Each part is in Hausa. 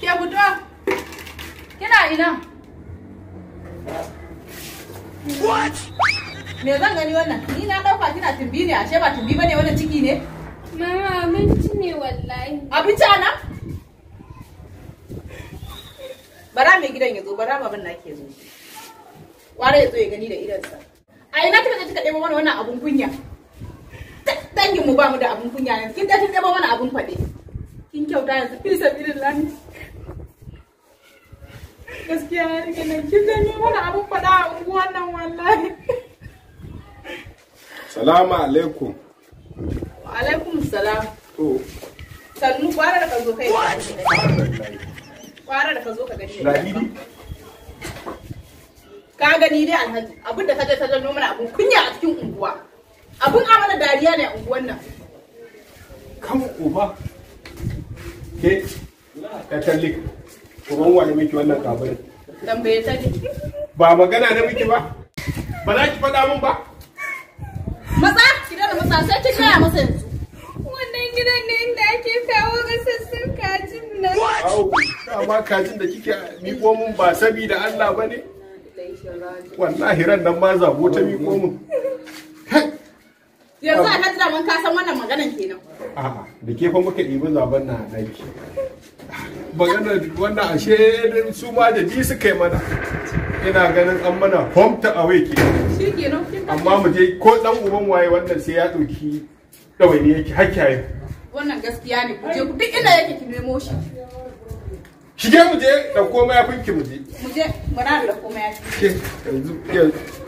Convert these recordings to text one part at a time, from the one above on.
Ke budo, kina ina? What? Me zan gani wannan? Ni na kina tumbi ne, ashe ba tumbi wannan ciki ne? Mama abinci ne wallahi. Abinci ana? Bara mai gidan ya zo, bara baban na zo. Ware ya zo ya gani da idansa. A ina kika je kika ɗebo mana wannan abun kunya? mu ba mu da abun kunya yanzu kin dace ba mana abun faɗe kin kyauta yanzu fi sabilin lani gaskiya ne rike nan kin zanyo mana abun faɗa a unguwan nan wallahi salamu alaikum wa alaikum salam to sannu kwara da ka zo kai kwara da ka zo ka gani ka gani dai alhaji abin da ka je ta janyo mana abun kunya a cikin unguwa abin amana dariya ne a unguwan nan kan uba ke ka kalli kuma wani miki wannan kabarin tambaye ta ne ba magana na miki ba ba za ki faɗa min ba Matsa! ki da maza sai ki gaya masa yanzu wannan gidan ne inda ake kawo gasassun kajin nan dama kajin da kike miko min ba sabida Allah ba ne wallahi ran nan ma zabo ta miko min yanzu a nan mun ka san wannan maganan kenan a'a da ke fa muka ɗibi zaben na aiki maganar wannan ashe su ma da bi suka yi mana ina ganin an mana homta a wai ke amma mu je ko dan uban waye wannan sai ya ɗauki ɗawaini yake hakkiyaye wannan gaskiya ne ku je duk ina yake ki nemo shi shige mu je komai mayafin ki mu je mu je mu na da komai. ki yanzu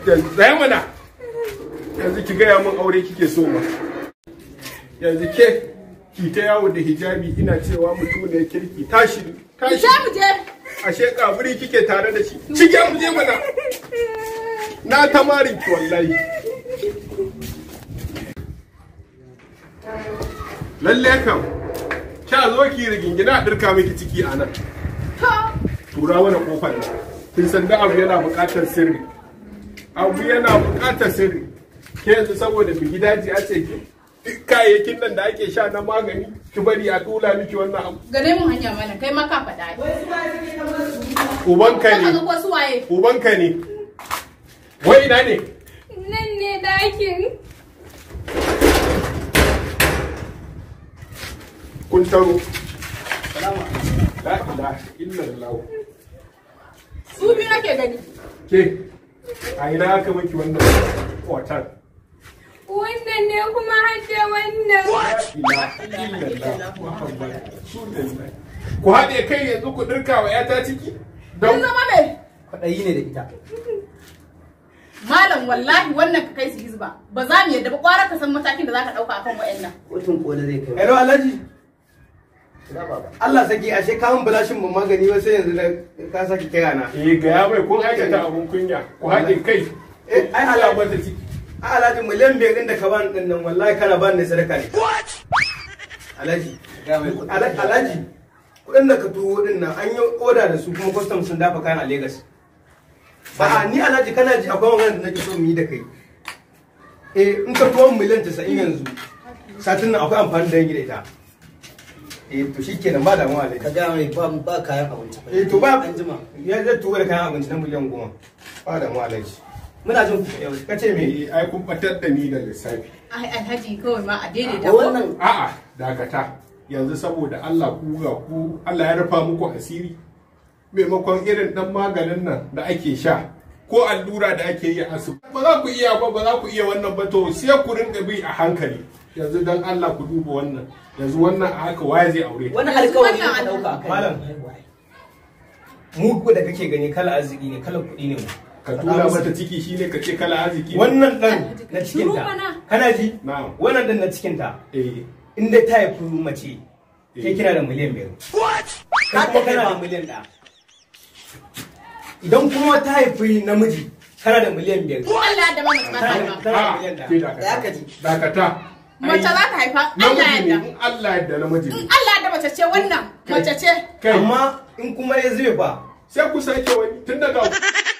yanzu mana yanzu ki gaya min aure kike so ba yanzu ke ki ta yawo da hijabi ina cewa mutum ne kirki tashi tashi ki mu je ashe kaburi kike tare da shi cike mu je mana na tamari ki wallahi lalle kam kya zo ki rigingina a dirka miki ciki a nan tura wani kofar kin san da abu yana bukatar sirri abu yana buƙatar sirri ke yanzu saboda bi gidaji a ce kayayyakin nan da ake sha na magani ki bari a tula miki wannan abu gare mu hanya mana kai ma ka faɗa ubanka ne ubanka ne wai ina ne nan ne dakin kun taro la illar lawo. su biyu ake gani ke a ina aka maki wannan watan. wannan ne kuma hadda wannan ku haɗe kai yanzu ku dirka wa ƴata ciki don zama mai kwaɗayi ne da ita malam wallahi wannan ka kai su hizba ba za mu yadda ba ƙwara ka san matakin da za ka ɗauka a kan wa'annan kotun kone zai kai hello alhaji Allah saki ashe ka mun bulashin mu magani ba sai yanzu ka saki kira na eh ga ya kun aikata abun kunya ku haɗe kai eh ai Allah ba ta ciki a alhaji miliyan biyar din da ka ban nan wallahi kana ban ne sadaka ne alhaji alhaji kudin da ka tuwo din nan an yi oda da su kuma kwastam sun dafa kayan a Legas ba a ni alhaji kana ji akwai wani da nake so mu yi da kai eh in ka tuwo miliyan casa'in yanzu satin nan akwai amfani da yin gida ita eh to shikenan ba damuwa ne ka ga mai ba ba kayan abinci eh to ba an jima ya zai tuwo da kayan abinci na miliyan goma. ba damuwa alhaji muna jin ku ka ce me eh, ai kun batar da ni da lissafi ai alhaji kawai ma a daidai da wannan a'a dakata yanzu saboda Allah ku ga ku Allah ya rufa muku asiri maimakon irin dan maganin nan da ake sha ko allura da ake yi a asibiti ba za ku iya ba ba za ku iya wannan ba to sai ku rinka bi a hankali yanzu dan Allah ku duba wannan yanzu wannan a haka waye zai aure wani alƙawari ne ka dauka malam mu da kake gani kala arziki ne kala kuɗi ne mu ka tura mata ciki shine ka ce kala arziki wannan dan na cikin ta kana ji wannan dan na cikin ta eh inda ta haifi mace eh. ke kira da miliyan biyar ka kuma kana da miliyan da idan kuma ta haifi namiji kana da miliyan biyar ko Allah da mamaci ba ta haifa da ka ji dakata mace za ta haifa Allah ya yarda Allah ya yarda namiji in Allah ya yarda mace ce wannan mace ce amma in kuma ya zai ba sai ku sake wani tun daga